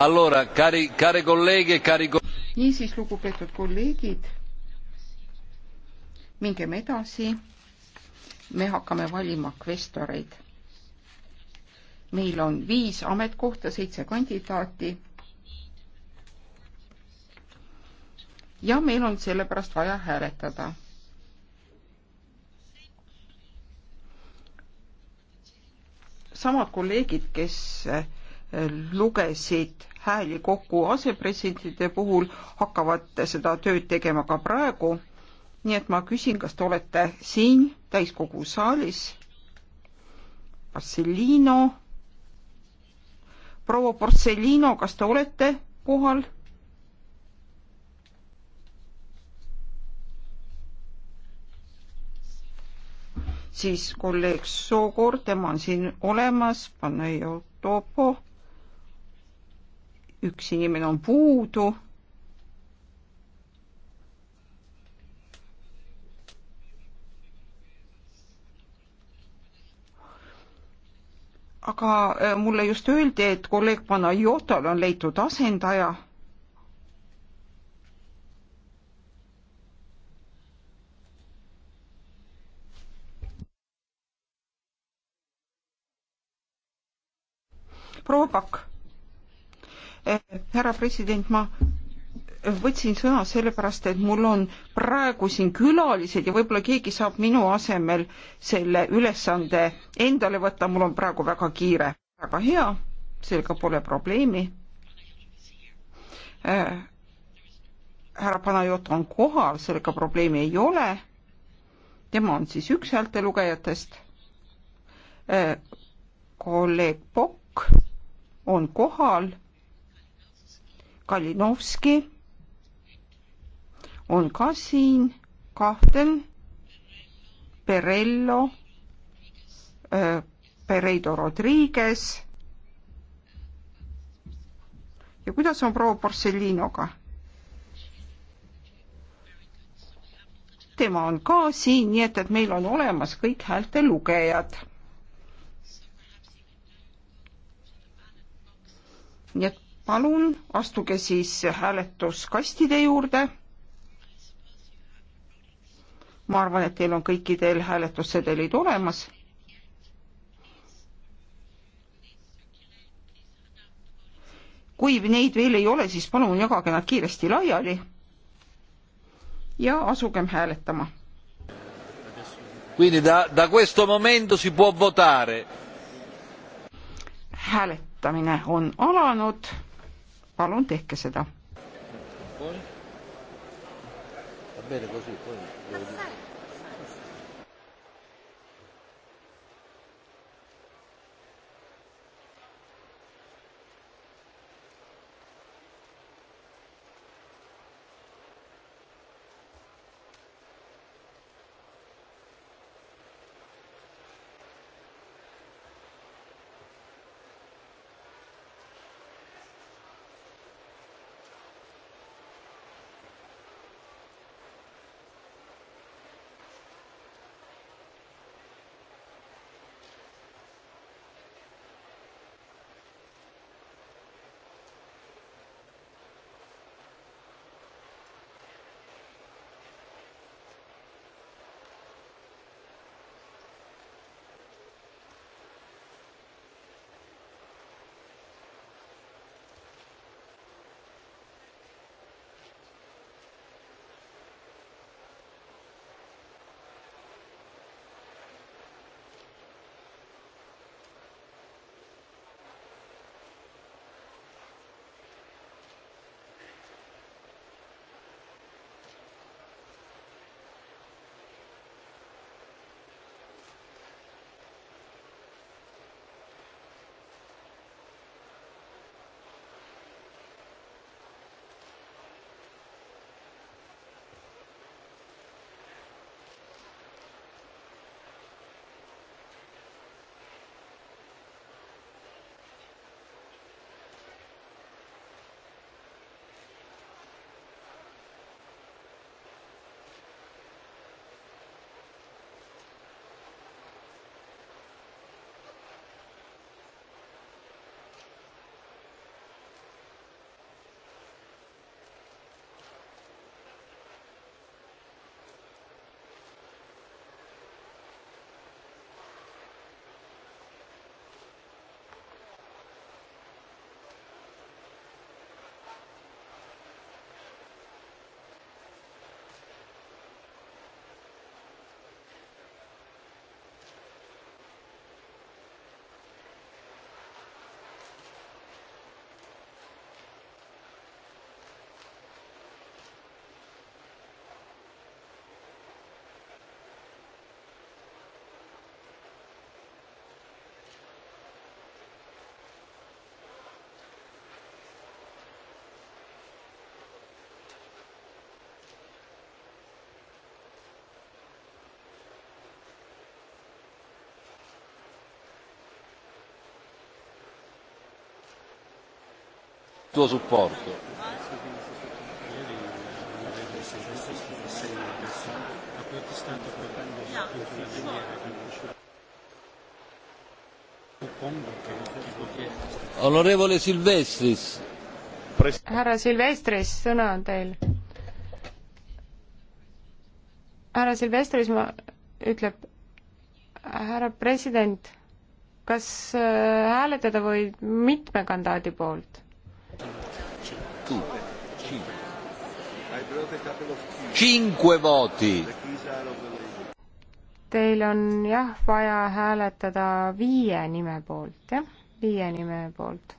Allora, cari, cari colleghe, cari co- niisiis, lugupeetud kolleegid, mingem edasi. me hakkame valima kvestoreid. meil on viis ametkohta, seitse kandidaati. ja meil on sellepärast vaja hääletada samad kolleegid, kes lugesid hääli kokku asepresidentide puhul, hakkavad seda tööd tegema ka praegu. nii et ma küsin, kas te olete siin täiskogu saalis? Marcelino, proua Porcelino, kas te olete kohal? siis kolleeg Sookor, tema on siin olemas, Panajotopo üks inimene on puudu. aga äh, mulle just öeldi, et kolleeg Panajotal on leitud asendaja härra president, ma võtsin sõna sellepärast, et mul on praegu siin külalised ja võib-olla keegi saab minu asemel selle ülesande endale võtta, mul on praegu väga kiire. väga hea, sellega pole probleemi äh,. härra Panajot on kohal, sellega probleemi ei ole. tema on siis üks häältelugejatest äh,. kolleeg Pokk on kohal Kalinovski on ka siin, Kahtel, Perello, äh, Pereido Rodriguez. ja kuidas on proua Porcellinoga? tema on ka siin, nii et, et meil on olemas kõik häälte lugejad. nii et palun astuge siis hääletuskastide juurde. ma arvan, et teil on kõikidel hääletussedelid olemas. kui neid veel ei ole, siis palun jagage nad kiiresti laiali ja asugem hääletama. Quindi da, da questo momento si può votare. hääletamine on alanud palun tehke seda. tuo supporto. Onorevole Silvestris. härra Silvestris, sõna on teil. härra Silvestris, ma, ütleb härra president, kas äh, hääletada või mitme kandaadi poolt? Teil on jah vaja hääletada viie nime poolt, jah, viie nime poolt.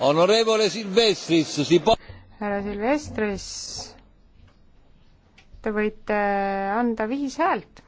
Honorevole Silvestris, si- härra Silvestris, te võite anda viis häält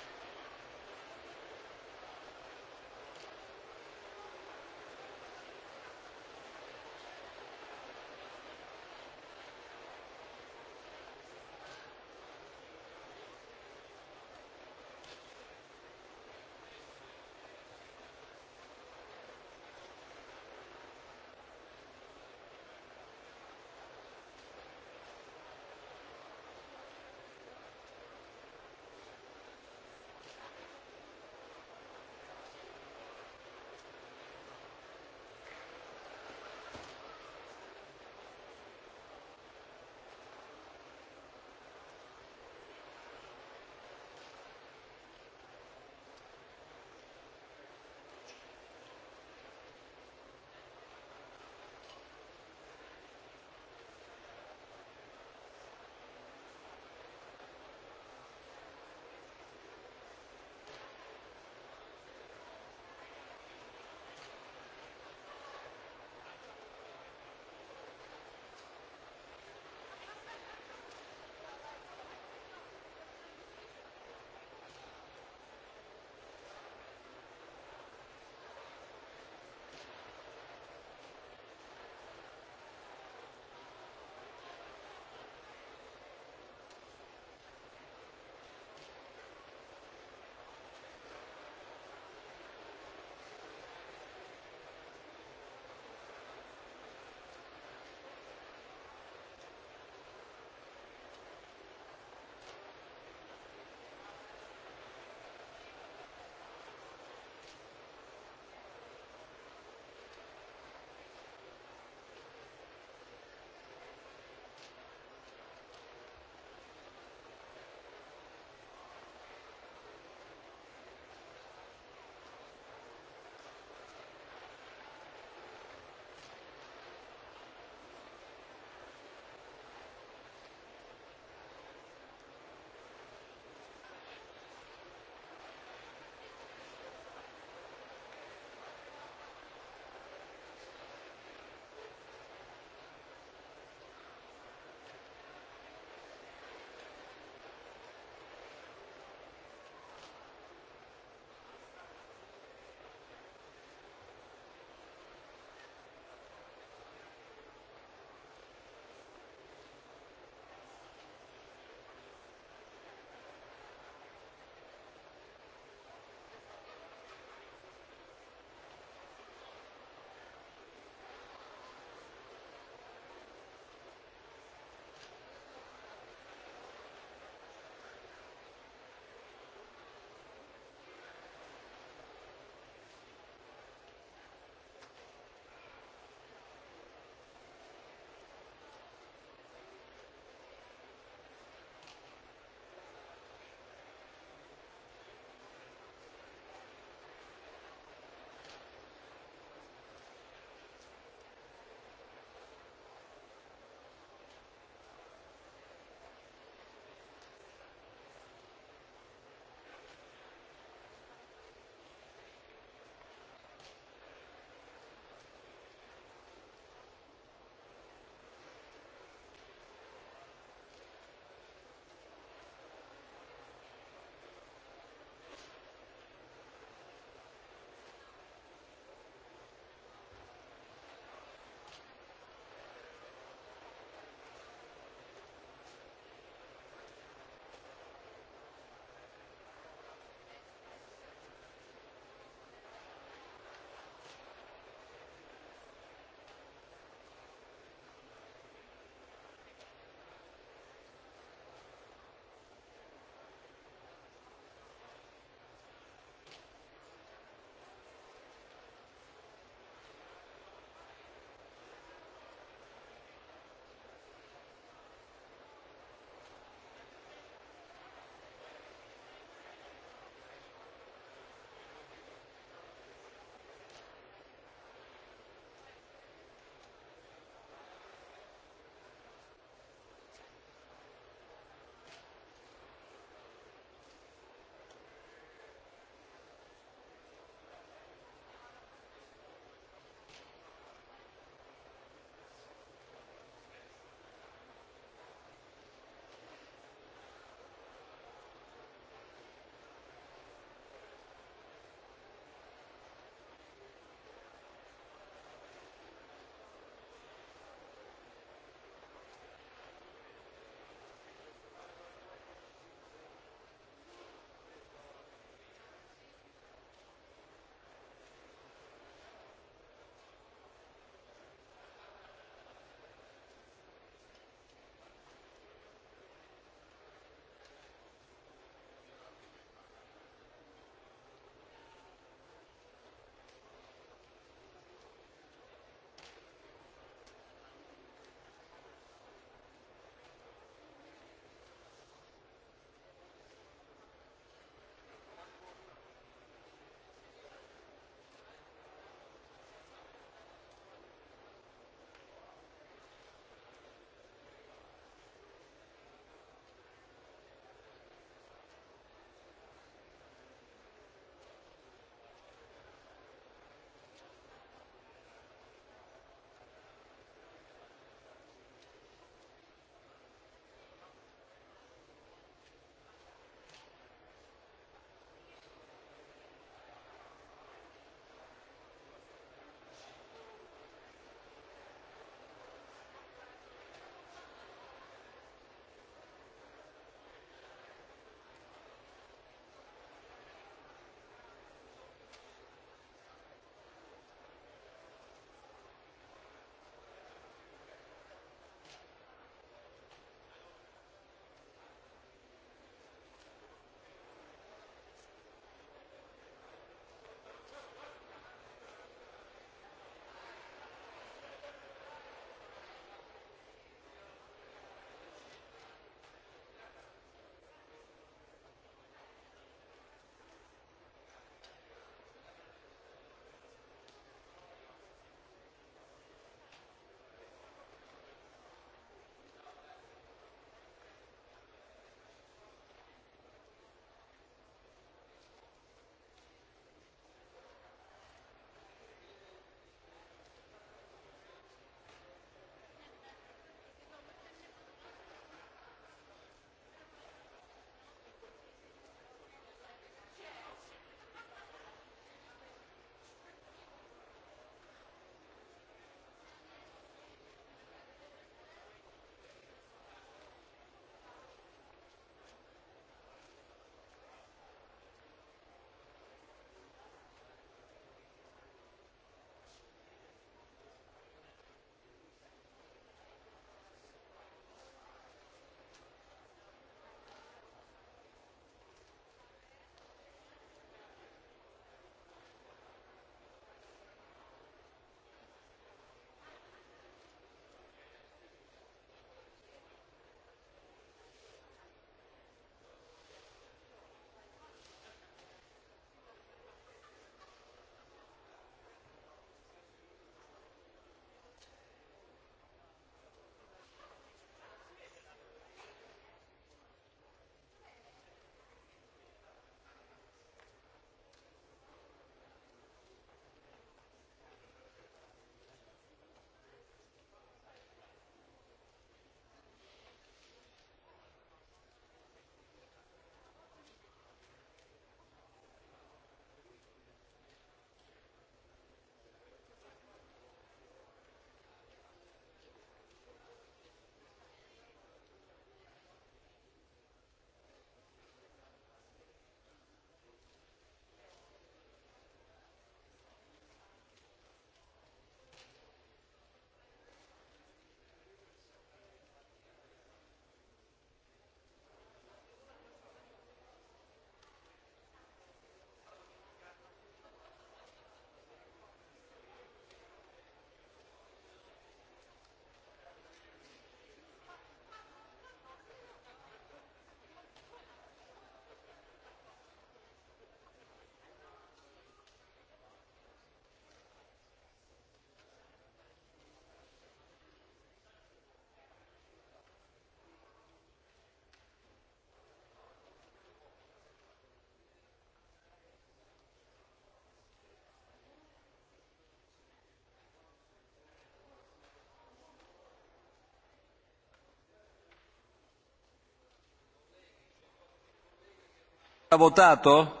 Ha votato?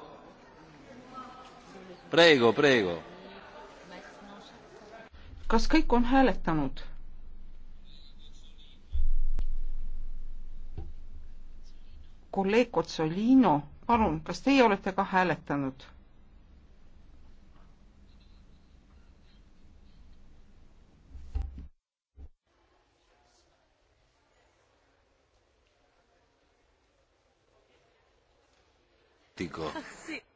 Prego, prego. kas kõik on hääletanud? kolleeg Otsolino, palun, kas teie olete ka hääletanud? fantastico. Sì.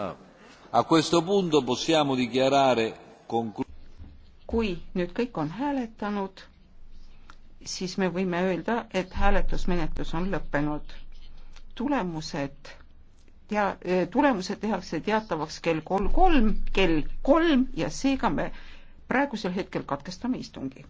Ah. A questo punto possiamo dichiarare conclu-. kui nüüd kõik on hääletanud, siis me võime öelda, et hääletusmenetlus on lõppenud. tulemused tea-, eh, tulemused tehakse teatavaks kell kolm kolm, kell kolm ja seega me praegusel hetkel katkestame istungi